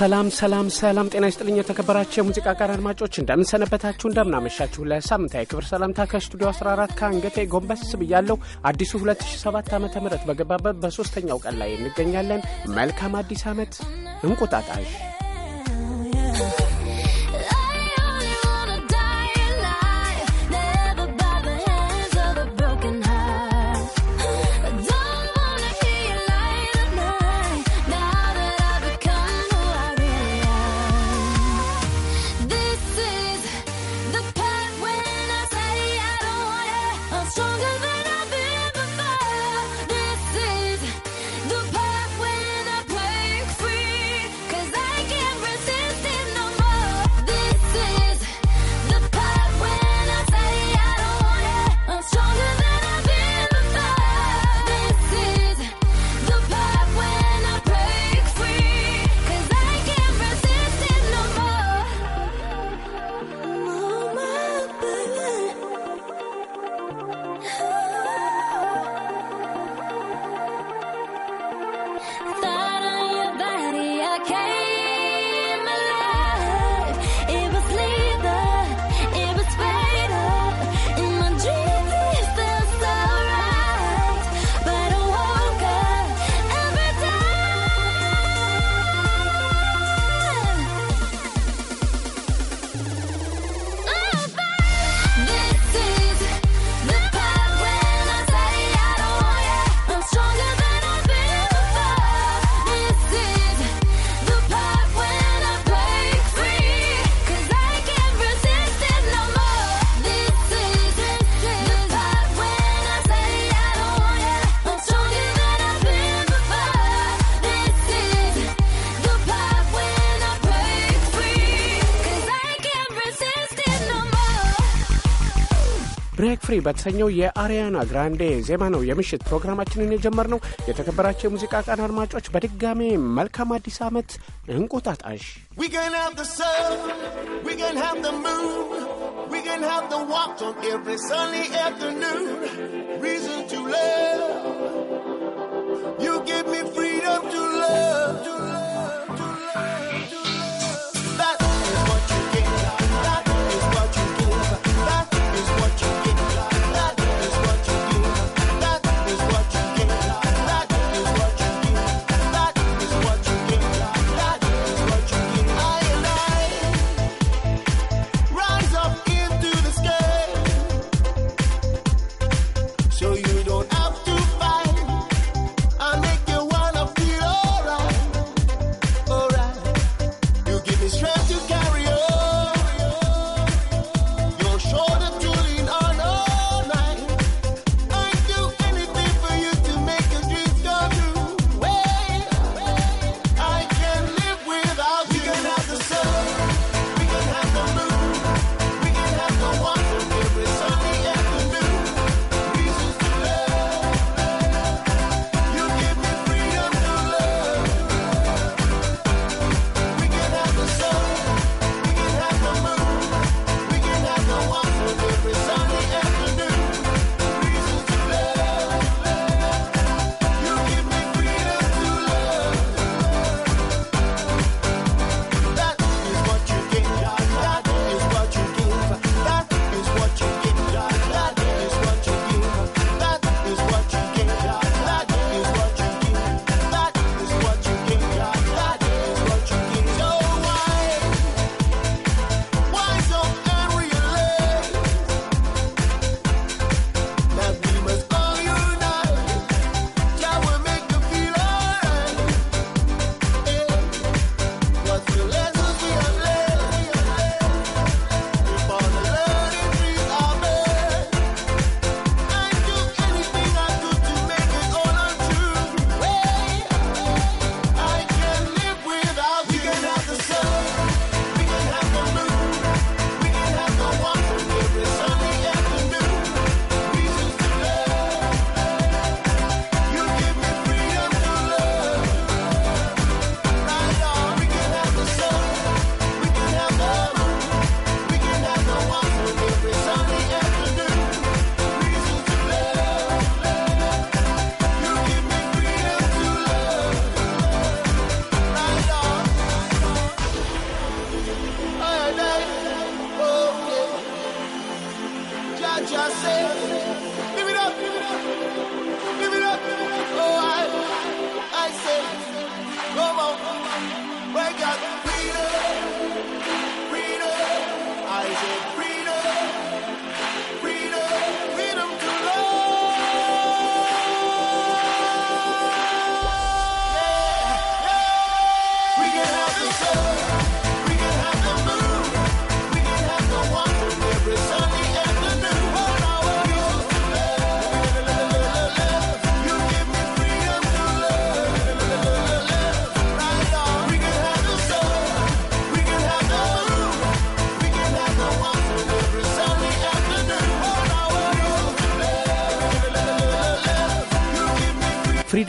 ሰላም ሰላም ሰላም፣ ጤና ይስጥልኝ የተከበራቸው የሙዚቃ ቃር አድማጮች እንደምንሰነበታችሁ፣ እንደምናመሻችሁ። ለሳምንታዊ ክብር ሰላምታ ከስቱዲዮ 14 ከአንገቴ ጎንበስ ብያለሁ። አዲሱ 2007 ዓ ም በገባበት በሶስተኛው ቀን ላይ እንገኛለን። መልካም አዲስ ዓመት እንቁጣጣሽ ፍሪ በተሰኘው የአሪያና ግራንዴ ዜማ ነው የምሽት ፕሮግራማችንን የጀመርነው። የተከበራቸው የሙዚቃ ቀን አድማጮች በድጋሜ መልካም አዲስ ዓመት እንቁጣጣሽ። You give me freedom to love, to love.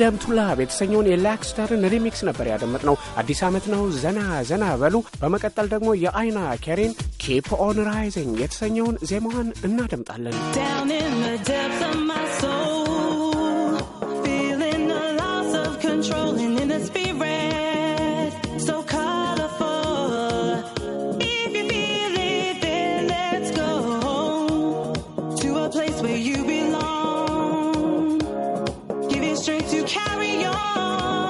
ፍሪደም ቱ ላቭ የተሰኘውን የላክስተርን ሪሚክስ ነበር ነው። አዲስ ዓመት ነው፣ ዘና ዘና በሉ። በመቀጠል ደግሞ የአይና ኬሪን ኪፕ ኦን ራይዚንግ የተሰኘውን ዜማዋን እናደምጣለን። Down strength to carry on.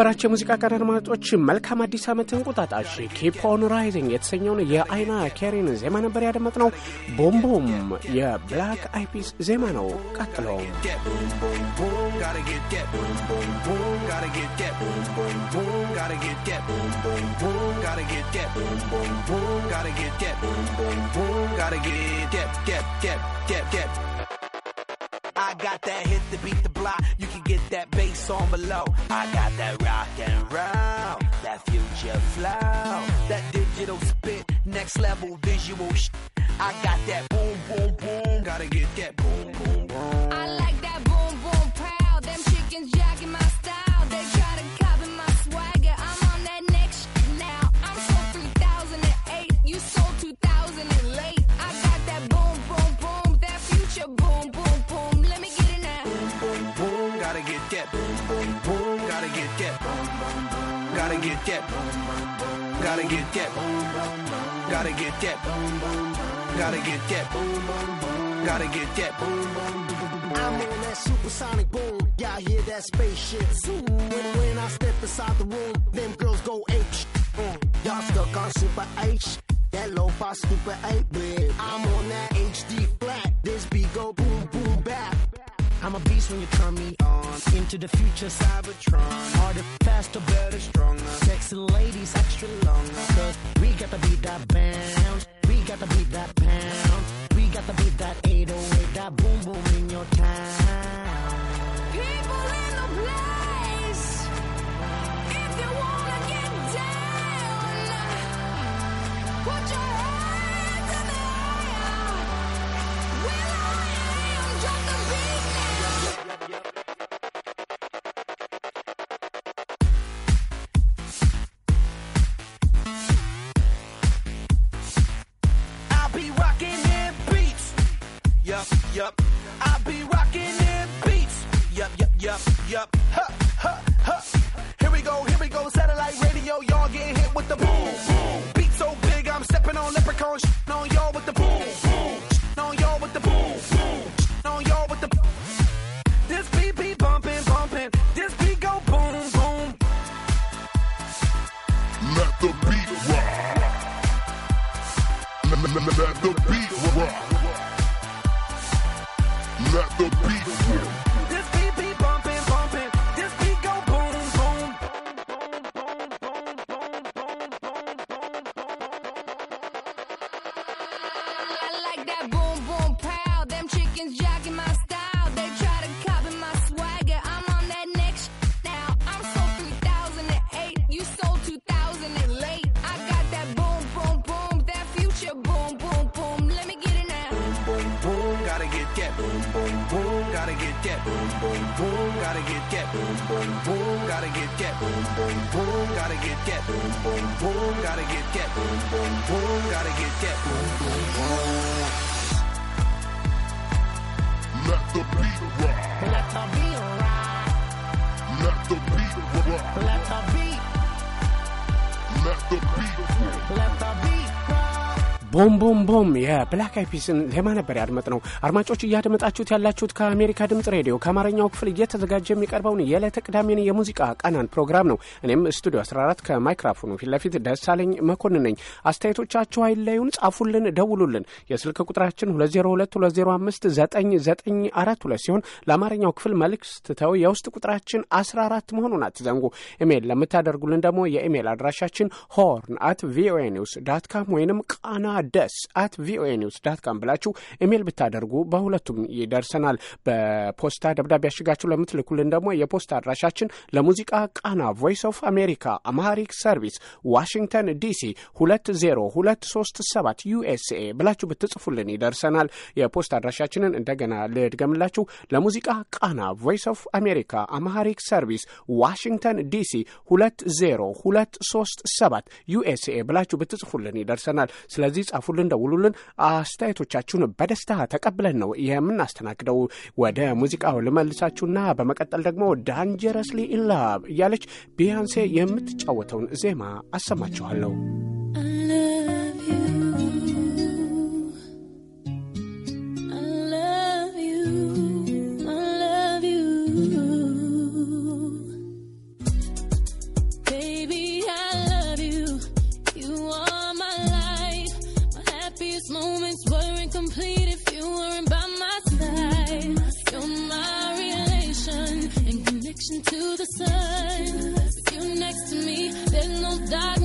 የተከበራቸው የሙዚቃ ቀን አድማጮች መልካም አዲስ ዓመት እንቁጣጣሽ ኪፕ ኦን ራይዚንግ የተሰኘውን የአይና ኬሪን ዜማ ነበር ያደመጥነው። ቦምቦም የብላክ አይፒስ ዜማ ነው። ቀጥለው I got that hit to beat the block. You can get that bass on below. I got that rock and roll, that future flow, that digital spit, next level visual. Sh- I got that boom, boom, boom. Gotta get that get that. Gotta get that. Gotta get that. Gotta get that. I'm on that supersonic boom. Y'all hear that spaceship? When, when I step inside the room, them girls go H. Y'all stuck on super H. That low fi super 8 bit. I'm on that HD flat. This beat go boom boom back. I'm a beast when you turn me on. Into the future, Cybertron. Harder, faster, better, stronger. Sexy ladies, extra long. Cause we got to beat that bounce. We got to beat that pound. We got to beat that 808, that boom boom in your town. People in the place. If you wanna get down, put your hands Let the beat rock. Let the beat rock. the Let the beat. ቦም ቦም ቦም የብላክ አይፒስን ዜማ ነበር ያድመጥነው። አድማጮች እያደመጣችሁት ያላችሁት ከአሜሪካ ድምፅ ሬዲዮ ከአማርኛው ክፍል እየተዘጋጀ የሚቀርበውን የዕለተ ቅዳሜን የሙዚቃ ቃናን ፕሮግራም ነው። እኔም ስቱዲዮ 14 ከማይክራፎኑ ፊት ለፊት ደሳለኝ መኮንን ነኝ። አስተያየቶቻችሁ አይለዩን፣ ጻፉልን፣ ደውሉልን። የስልክ ቁጥራችን 2022059942 ሲሆን ለአማርኛው ክፍል መልክ ስትተው የውስጥ ቁጥራችን 14 መሆኑን አትዘንጉ። ኢሜይል ለምታደርጉልን ደግሞ የኢሜይል አድራሻችን ሆርን አት ቪኦኤ ኒውስ ዳት ካም ወይንም ቃና ደስ አት ቪኦኤ ኒውስ ዳት ካም ብላችሁ ኢሜይል ብታደርጉ በሁለቱም ይደርሰናል። በፖስታ ደብዳቤ ያሽጋችሁ ለምትልኩልን ደግሞ የፖስታ አድራሻችን ለሙዚቃ ቃና ቮይስ ኦፍ አሜሪካ አማሪክ ሰርቪስ ዋሽንግተን ዲሲ 20237 ዩኤስኤ ብላችሁ ብትጽፉልን ይደርሰናል። የፖስት አድራሻችንን እንደገና ልድገምላችሁ። ለሙዚቃ ቃና ቮይስ ኦፍ አሜሪካ አማሪክ ሰርቪስ ዋሽንግተን ዲሲ 20237 ዩኤስኤ ብላችሁ ብትጽፉልን ይደርሰናል። ስለዚህ ጻፉልን፣ ደውሉልን። አስተያየቶቻችሁን በደስታ ተቀብለን ነው የምናስተናግደው። ወደ ሙዚቃው ልመልሳችሁና በመቀጠል ደግሞ ዳንጀረስሊ ላቭ እያለች ቢያንሴ የምትጫወተውን ዜማ አሰማችኋለሁ። to the sun. you next to me, there's no doubt.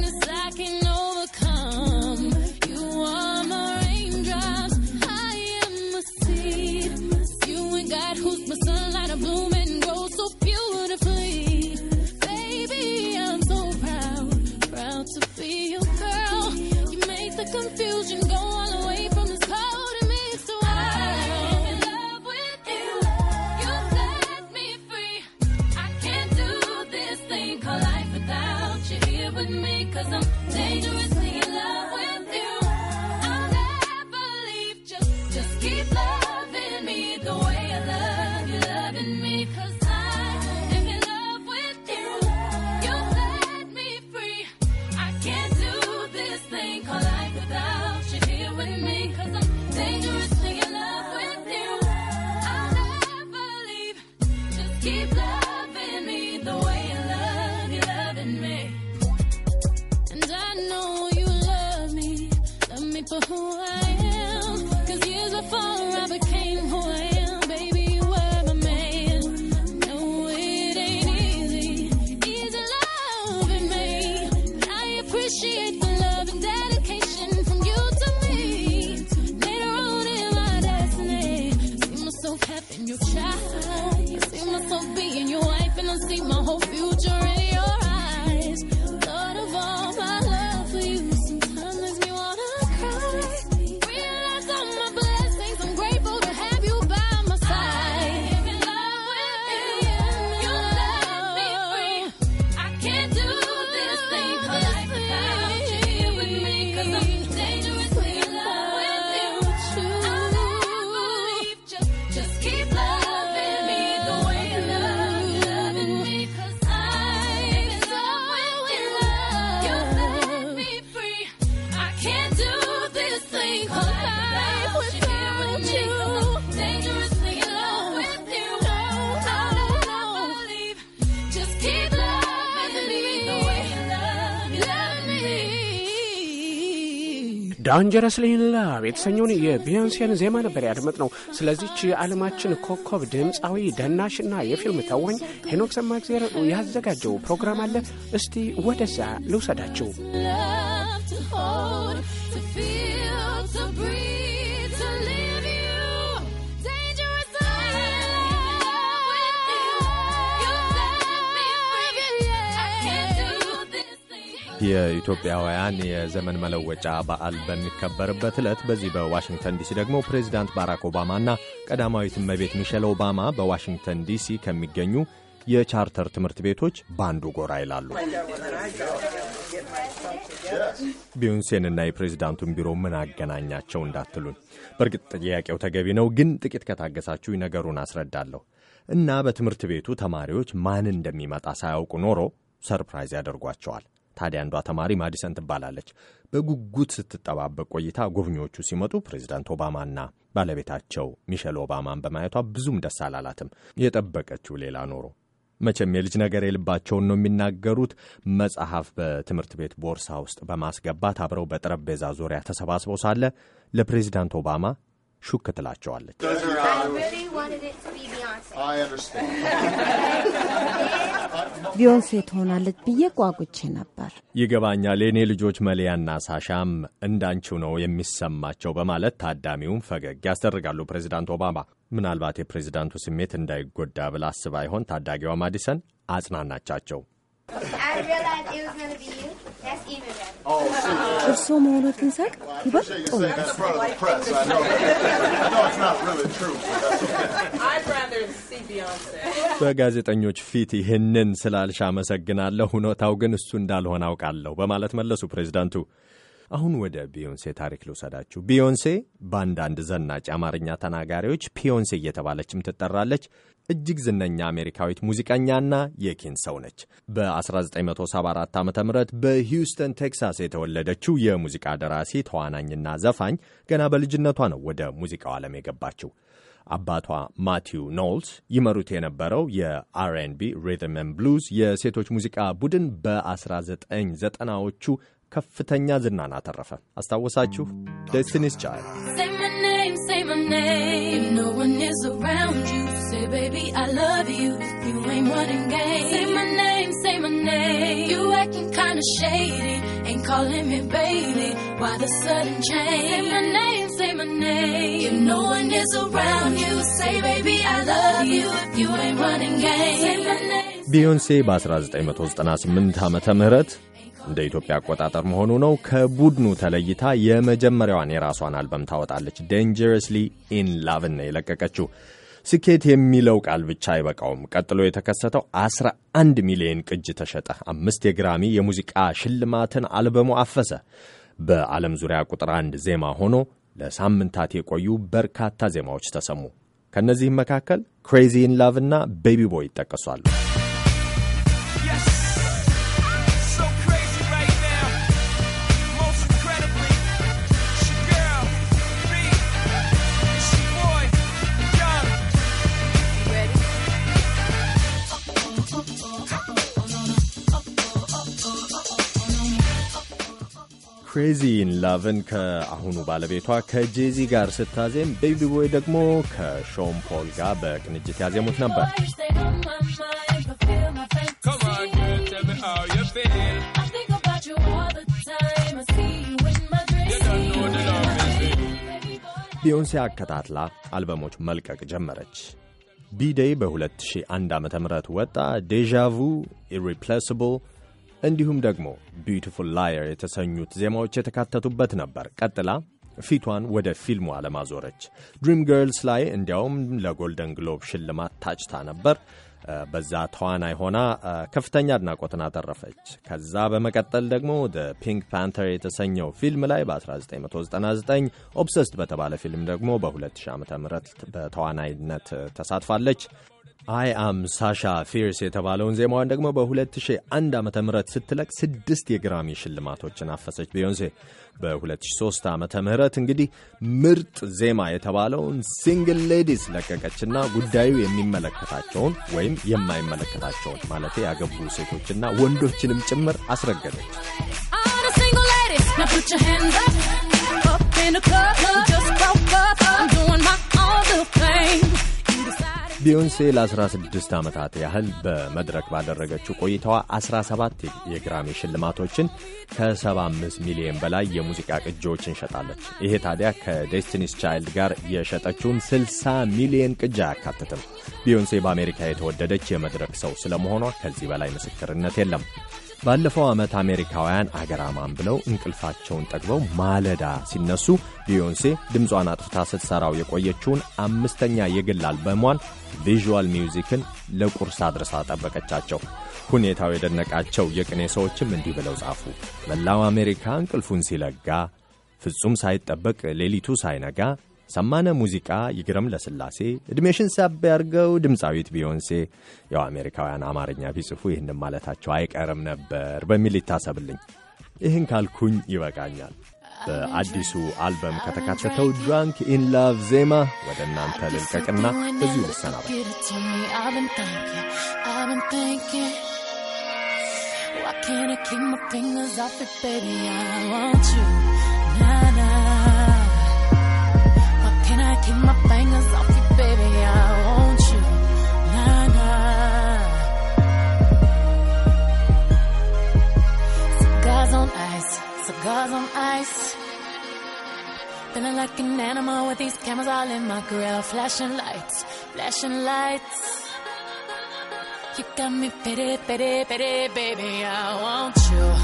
ዳንጀረስሊ ኢን ላቭ የተሰኘውን የቢዮንሴን ዜማ ነበር ያድመጥ ነው። ስለዚች የዓለማችን ኮከብ ድምፃዊ ደናሽና የፊልም ተዋኝ ሄኖክ ሰማእግዜር ያዘጋጀው ፕሮግራም አለ። እስቲ ወደዛ ልውሰዳችሁ። የኢትዮጵያውያን የዘመን መለወጫ በዓል በሚከበርበት ዕለት በዚህ በዋሽንግተን ዲሲ ደግሞ ፕሬዚዳንት ባራክ ኦባማና ቀዳማዊት እመቤት ሚሼል ኦባማ በዋሽንግተን ዲሲ ከሚገኙ የቻርተር ትምህርት ቤቶች በአንዱ ጎራ ይላሉ። ቢዮንሴንና የፕሬዚዳንቱን ቢሮ ምን አገናኛቸው እንዳትሉን፣ በእርግጥ ጥያቄው ተገቢ ነው፣ ግን ጥቂት ከታገሳችሁ ነገሩን አስረዳለሁ እና በትምህርት ቤቱ ተማሪዎች ማን እንደሚመጣ ሳያውቁ ኖሮ ሰርፕራይዝ ያደርጓቸዋል። ታዲያ አንዷ ተማሪ ማዲሰን ትባላለች። በጉጉት ስትጠባበቅ ቆይታ ጎብኚዎቹ ሲመጡ ፕሬዚዳንት ኦባማና ባለቤታቸው ሚሸል ኦባማን በማየቷ ብዙም ደስ አላላትም። የጠበቀችው ሌላ ኖሮ መቼም የልጅ ነገር የልባቸውን ነው የሚናገሩት። መጽሐፍ በትምህርት ቤት ቦርሳ ውስጥ በማስገባት አብረው በጠረጴዛ ዙሪያ ተሰባስበው ሳለ ለፕሬዚዳንት ኦባማ ሹክ ትላቸዋለች። ቢዮንሴ ትሆናለች ብዬ ጓጉቼ ነበር። ይገባኛል፣ የእኔ ልጆች መሊያና ሳሻም እንዳንቺው ነው የሚሰማቸው በማለት ታዳሚውን ፈገግ ያስደርጋሉ። ፕሬዚዳንት ኦባማ ምናልባት የፕሬዚዳንቱ ስሜት እንዳይጎዳ ብላ አስባ ይሆን ታዳጊዋ ማዲሰን አጽናናቻቸው። እርስዎ ሳቅ oh, በጋዜጠኞች ፊት ይህንን ስላልሽ አመሰግናለሁ፣ ሁኔታው ግን እሱ እንዳልሆነ አውቃለሁ በማለት መለሱ ፕሬዚዳንቱ። አሁን ወደ ቢዮንሴ ታሪክ ልውሰዳችሁ። ቢዮንሴ በአንዳንድ ዘናጭ አማርኛ ተናጋሪዎች ፒዮንሴ እየተባለችም ትጠራለች። እጅግ ዝነኛ አሜሪካዊት ሙዚቀኛና የኪን ሰው ነች። በ1974 ዓ ም በሂውስተን ቴክሳስ የተወለደችው የሙዚቃ ደራሲ ተዋናኝና ዘፋኝ ገና በልጅነቷ ነው ወደ ሙዚቃው ዓለም የገባችው። አባቷ ማቲው ኖልስ ይመሩት የነበረው የአርኤንቢ ሪትም ብሉዝ የሴቶች ሙዚቃ ቡድን በ1990ዎቹ ከፍተኛ ዝናና አተረፈ። አስታወሳችሁ? ደስቲኒስ ቻይልድ baby, I love you. You ain't running game. Say my name, say my name. You acting kinda shady. Ain't calling me baby. Why the sudden change? Say my name, say my name. If no one is around you, say, baby, I love you. You ain't running game. Say my name. ቢዮንሴ በ1998 ዓመተ ምህረት እንደ ኢትዮጵያ አቆጣጠር መሆኑ ነው ከቡድኑ ተለይታ የመጀመሪያዋን የራሷን አልበም ታወጣለች። ዴንጀረስሊ ኢን ላቭን ነው የለቀቀችው። ስኬት የሚለው ቃል ብቻ አይበቃውም። ቀጥሎ የተከሰተው 11 ሚሊዮን ቅጅ ተሸጠ። አምስት የግራሚ የሙዚቃ ሽልማትን አልበሙ አፈሰ። በዓለም ዙሪያ ቁጥር አንድ ዜማ ሆኖ ለሳምንታት የቆዩ በርካታ ዜማዎች ተሰሙ። ከእነዚህም መካከል ክሬዚ ኢን ላቭ እና ቤቢ ቦይ ይጠቀሷሉ። ክሬዚ ኢን ላቭን ከአሁኑ ባለቤቷ ከጄዚ ጋር ስታዜም ቤቢ ቦይ ደግሞ ከሾን ፖል ጋር በቅንጅት ያዜሙት ነበር። ቢዮንሴ አከታትላ አልበሞች መልቀቅ ጀመረች። ቢዴይ በ2001 ዓ ም ወጣ። ዴዣ ኢሪፕሌስብል እንዲሁም ደግሞ ቢዩቲፉል ላየር የተሰኙት ዜማዎች የተካተቱበት ነበር። ቀጥላ ፊቷን ወደ ፊልሙ ዓለም አዞረች። ድሪም ገርልስ ላይ እንዲያውም ለጎልደን ግሎብ ሽልማት ታጭታ ነበር። በዛ ተዋናይ ሆና ከፍተኛ አድናቆትን አተረፈች። ከዛ በመቀጠል ደግሞ ፒንክ ፓንተር የተሰኘው ፊልም ላይ በ1999 ኦብሰስድ በተባለ ፊልም ደግሞ በ2000 ዓ ም በተዋናይነት ተሳትፋለች። አይ አም ሳሻ ፊርስ የተባለውን ዜማዋን ደግሞ በ2001 ዓ ም ስትለቅ ስድስት የግራሚ ሽልማቶችን አፈሰች ቢዮንሴ። በ2003 ዓ ም እንግዲህ ምርጥ ዜማ የተባለውን ሲንግል ሌዲስ ለቀቀችና ጉዳዩ የሚመለከታቸውን ወይም የማይመለከታቸውን ማለት ያገቡ ሴቶችና ወንዶችንም ጭምር አስረገደች። ቢዮንሴ ለ16 ዓመታት ያህል በመድረክ ባደረገችው ቆይታዋ 17 የግራሚ ሽልማቶችን ከ75 ሚሊዮን በላይ የሙዚቃ ቅጂዎችን እንሸጣለች። ይሄ ታዲያ ከዴስቲኒስ ቻይልድ ጋር የሸጠችውን 60 ሚሊዮን ቅጂ አያካትትም። ቢዮንሴ በአሜሪካ የተወደደች የመድረክ ሰው ስለመሆኗ ከዚህ በላይ ምስክርነት የለም። ባለፈው ዓመት አሜሪካውያን አገራማን ብለው እንቅልፋቸውን ጠግበው ማለዳ ሲነሱ ቢዮንሴ ድምጿን አጥፍታ ስትሠራው የቆየችውን አምስተኛ የግል አልበሟን ቪዥዋል ሚውዚክን ለቁርስ አድርሳ ጠበቀቻቸው። ሁኔታው የደነቃቸው የቅኔ ሰዎችም እንዲህ ብለው ጻፉ። መላው አሜሪካ እንቅልፉን ሲለጋ ፍጹም ሳይጠበቅ ሌሊቱ ሳይነጋ ሰማነ ሙዚቃ፣ ይግረም ለስላሴ፣ ዕድሜሽን ሳብ ያርገው፣ ድምፃዊት ቢዮንሴ ያው አሜሪካውያን አማርኛ ቢጽፉ ይህን ማለታቸው አይቀርም ነበር በሚል ይታሰብልኝ። ይህን ካልኩኝ ይበቃኛል። በአዲሱ አልበም ከተካተተው ድራንክ ኢን ላቭ ዜማ ወደ እናንተ ልልቀቅና በዚሁ ልሰናበት። my fingers off you, baby. I want you, nah nah. Cigars on ice, cigars on ice. Feeling like an animal with these cameras all in my grill, flashing lights, flashing lights. You got me pity, pity, pity, baby. I want you.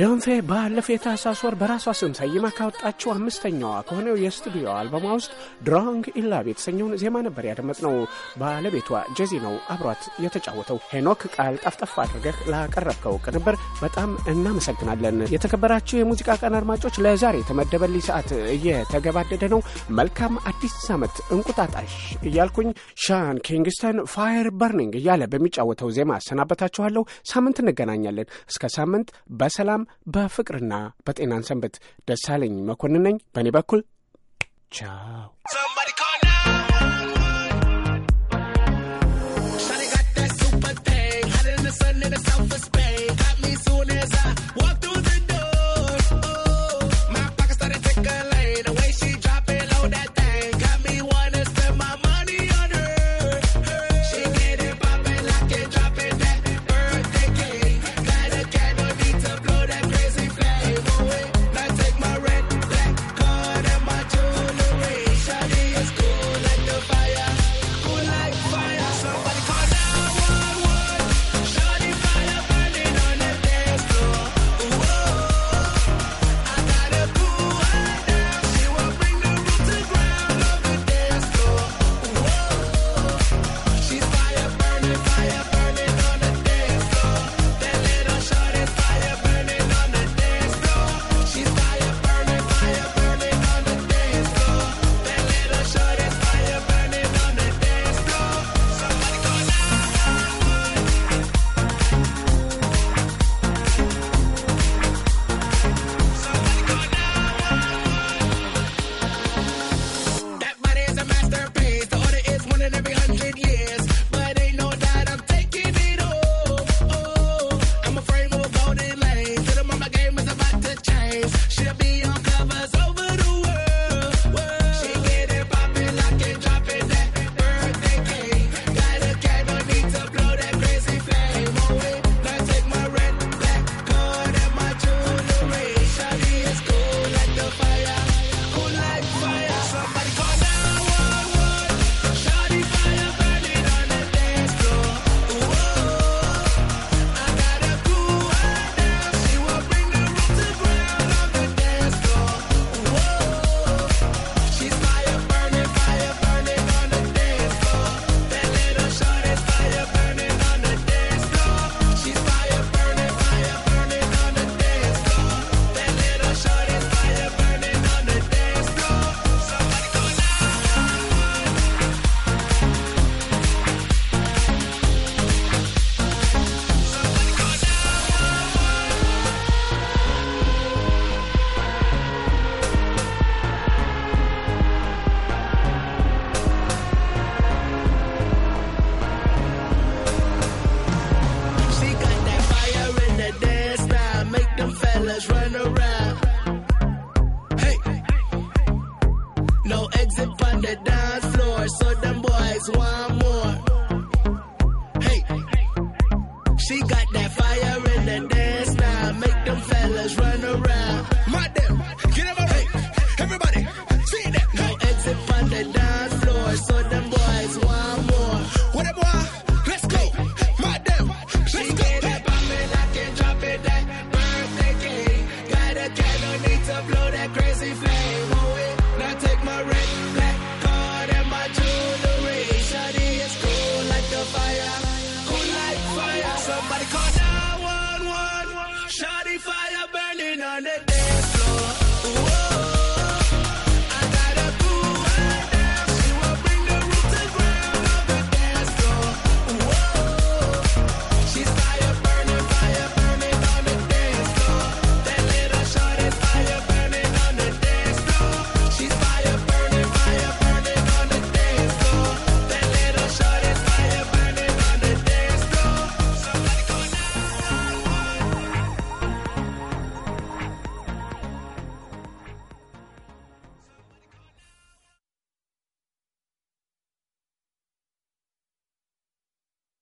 ቢዮንሴ ባለፈው የታህሳስ ወር በራሷ ስም ሰይማ ካወጣችው አምስተኛዋ ከሆነው የስቱዲዮ አልበሟ ውስጥ ድሮንግ ኢላቭ የተሰኘውን ዜማ ነበር ያደመጥነው። ባለቤቷ ጀዚ ነው አብሯት የተጫወተው። ሄኖክ፣ ቃል ጠፍጠፍ አድርገህ ላቀረብከው ቅንብር በጣም እናመሰግናለን። የተከበራችሁ የሙዚቃ ቀን አድማጮች፣ ለዛሬ የተመደበልኝ ሰዓት እየተገባደደ ነው። መልካም አዲስ ዓመት እንቁጣጣሽ እያልኩኝ ሻን ኪንግስተን ፋየር በርኒንግ እያለ በሚጫወተው ዜማ አሰናበታችኋለሁ። ሳምንት እንገናኛለን። እስከ ሳምንት በሰላም በፍቅርና በጤናን ሰንበት። ደሳለኝ መኮንን ነኝ። በእኔ በኩል ቻው።